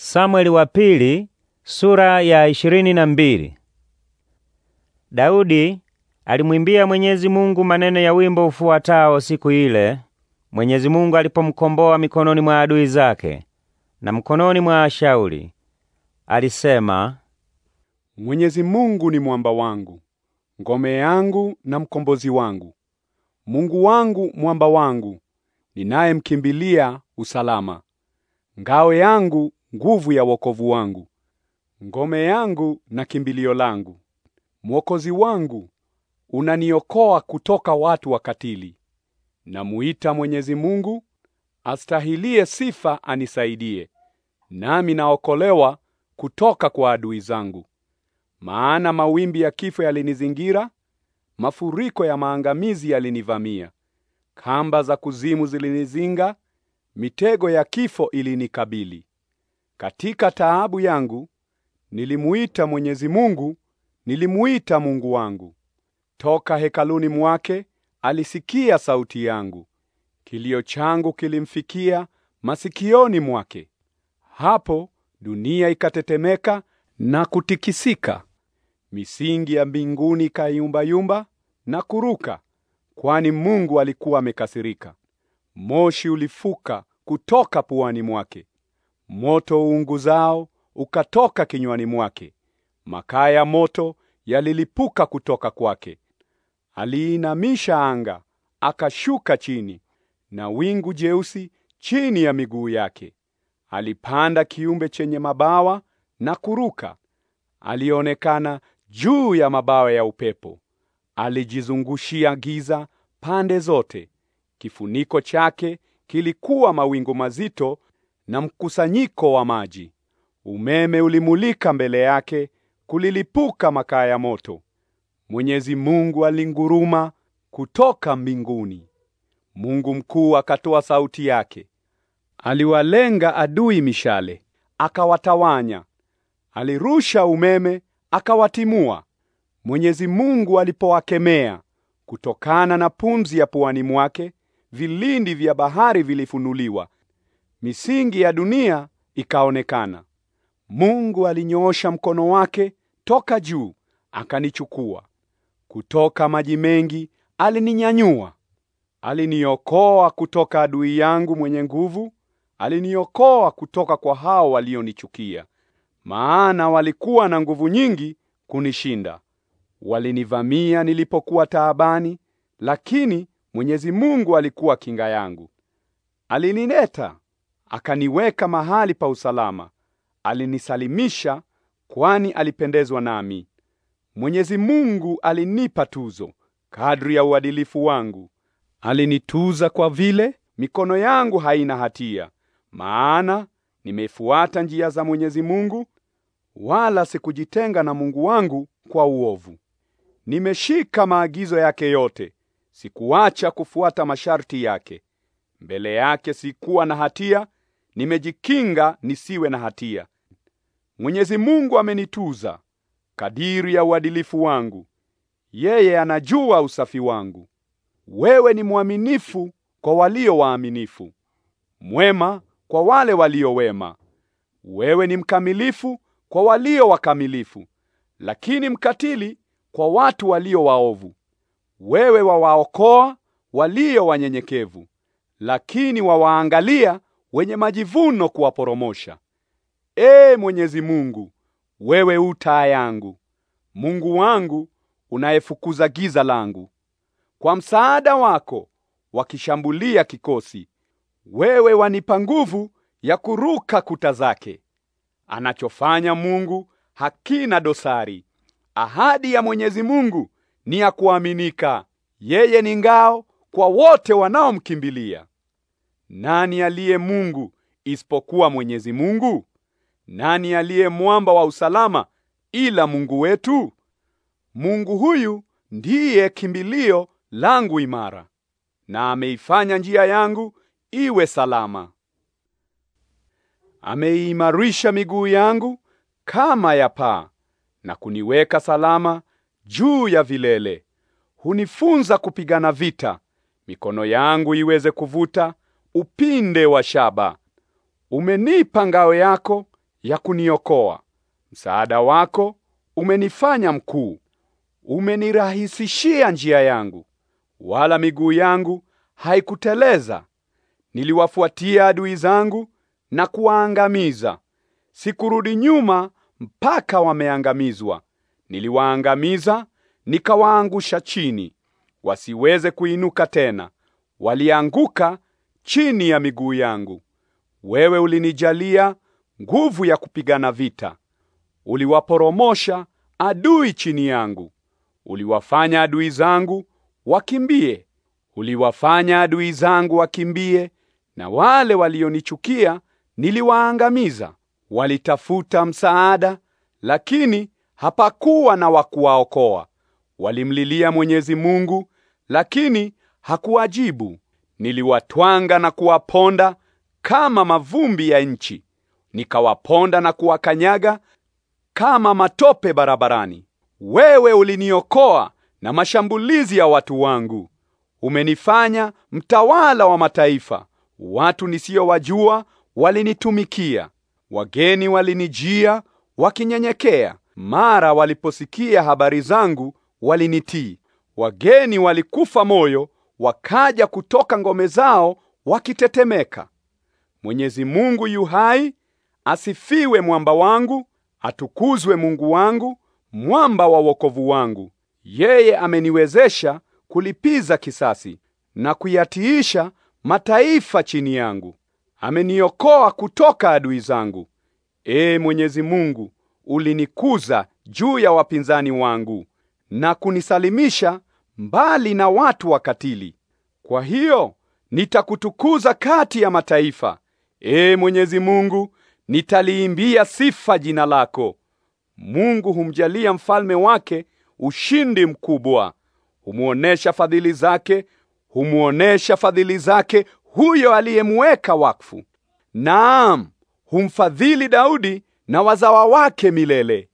Samueli wa pili sura ya ishirini na mbili. Daudi alimwimbia Mwenyezi Mungu maneno ya wimbo ufuatao siku ile Mwenyezi Mungu alipomkomboa mikononi mwa adui zake na mkononi mwa Shauli. Alisema, Mwenyezi Mungu ni mwamba wangu, ngome yangu na mkombozi wangu. Mungu wangu, mwamba wangu, ninayemkimbilia usalama. Ngao yangu nguvu ya wokovu wangu, ngome yangu na kimbilio langu. Mwokozi wangu, unaniokoa kutoka watu wakatili. Namuita Mwenyezi Mungu astahilie sifa anisaidie, nami naokolewa kutoka kwa adui zangu. Maana mawimbi ya kifo yalinizingira, mafuriko ya maangamizi yalinivamia. Kamba za kuzimu zilinizinga, mitego ya kifo ilinikabili. Katika taabu yangu nilimuita Mwenyezi Mungu, nilimuita Mungu wangu. Toka hekaluni mwake alisikia sauti yangu. Kilio changu kilimfikia masikioni mwake. Hapo dunia ikatetemeka na kutikisika. Misingi ya mbinguni ikayumbayumba na kuruka, kwani Mungu alikuwa amekasirika. Moshi ulifuka kutoka puani mwake moto uunguzao ukatoka kinywani mwake, makaa ya moto yalilipuka kutoka kwake. Aliinamisha anga akashuka chini, na wingu jeusi chini ya miguu yake. Alipanda kiumbe chenye mabawa na kuruka. Alionekana juu ya mabawa ya upepo. Alijizungushia giza pande zote. Kifuniko chake kilikuwa mawingu mazito na mkusanyiko wa maji. Umeme ulimulika mbele yake, kulilipuka makaa ya moto. Mwenyezi Mungu alinguruma kutoka mbinguni. Mungu mkuu akatoa sauti yake. Aliwalenga adui mishale, akawatawanya. Alirusha umeme, akawatimua. Mwenyezi Mungu alipowakemea kutokana na pumzi ya puani mwake, vilindi vya bahari vilifunuliwa misingi ya dunia ikaonekana. Mungu alinyoosha mkono wake toka juu akanichukua kutoka maji mengi, alininyanyua. Aliniokoa kutoka adui yangu mwenye nguvu, aliniokoa kutoka kwa hao walionichukia, maana walikuwa na nguvu nyingi kunishinda. Walinivamia nilipokuwa taabani, lakini Mwenyezi Mungu alikuwa kinga yangu. Alinileta akaniweka mahali pa usalama, alinisalimisha, kwani alipendezwa nami. Mwenyezi Mungu alinipa tuzo kadri ya uadilifu wangu, alinituza kwa vile mikono yangu haina hatia, maana nimefuata njia za Mwenyezi Mungu, wala sikujitenga na Mungu wangu kwa uovu. Nimeshika maagizo yake yote, sikuacha kufuata masharti yake. Mbele yake sikuwa na hatia, nimejikinga nisiwe na hatia. Mwenyezi Mungu amenituza kadiri ya uadilifu wangu, yeye anajua usafi wangu. Wewe ni mwaminifu kwa walio waaminifu, mwema kwa wale walio wema. Wewe ni mkamilifu kwa walio wakamilifu, lakini mkatili kwa watu walio waovu. Wewe wawaokoa walio wanyenyekevu, lakini wawaangalia wenye majivuno kuwaporomosha. Ee Mwenyezi Mungu, wewe u taa yangu, Mungu wangu unayefukuza giza langu. Kwa msaada wako wakishambulia kikosi, wewe wanipa nguvu ya kuruka kuta zake. Anachofanya Mungu hakina dosari. Ahadi ya Mwenyezi Mungu ni ya kuaminika. Yeye ni ngao kwa wote wanaomkimbilia. Nani aliye Mungu isipokuwa Mwenyezi Mungu? Nani aliye mwamba wa usalama ila Mungu wetu? Mungu huyu ndiye kimbilio langu imara, na ameifanya njia yangu iwe salama. Ameiimarisha miguu yangu kama ya paa na kuniweka salama juu ya vilele. Hunifunza kupigana vita, mikono yangu iweze kuvuta upinde wa shaba. Umenipa ngao yako ya kuniokoa. Msaada wako umenifanya mkuu. Umenirahisishia njia yangu, wala miguu yangu haikuteleza. Niliwafuatia adui zangu na kuwaangamiza. Sikurudi nyuma mpaka wameangamizwa. Niliwaangamiza nikawaangusha chini, wasiweze kuinuka tena. Walianguka chini ya miguu yangu. Wewe ulinijalia nguvu ya kupigana vita, uliwaporomosha adui chini yangu. Uliwafanya adui zangu wakimbie, uliwafanya adui zangu wakimbie, na wale walionichukia niliwaangamiza. Walitafuta msaada, lakini hapakuwa na wa kuwaokoa. Walimlilia Mwenyezi Mungu, lakini hakuwajibu. Niliwatwanga na kuwaponda kama mavumbi ya nchi, nikawaponda na kuwakanyaga kama matope barabarani. Wewe uliniokoa na mashambulizi ya watu wangu, umenifanya mtawala wa mataifa. Watu nisiyowajua walinitumikia, wageni walinijia wakinyenyekea. Mara waliposikia habari zangu walinitii, wageni walikufa moyo wakaja kutoka ngome zao wakitetemeka. Mwenyezi Mungu yu hai, asifiwe mwamba wangu, atukuzwe Mungu wangu, mwamba wa wokovu wangu. Yeye ameniwezesha kulipiza kisasi na kuyatiisha mataifa chini yangu. Ameniokoa kutoka adui zangu. Ee Mwenyezi Mungu, ulinikuza juu ya wapinzani wangu na kunisalimisha mbali na watu wakatili. Kwa hiyo nitakutukuza kati ya mataifa. Ee Mwenyezi Mungu, nitaliimbia sifa jina lako. Mungu humjalia mfalme wake ushindi mkubwa. Humuonesha fadhili zake, humuonesha fadhili zake huyo aliyemweka wakfu. Naam, humfadhili Daudi na wazawa wake milele.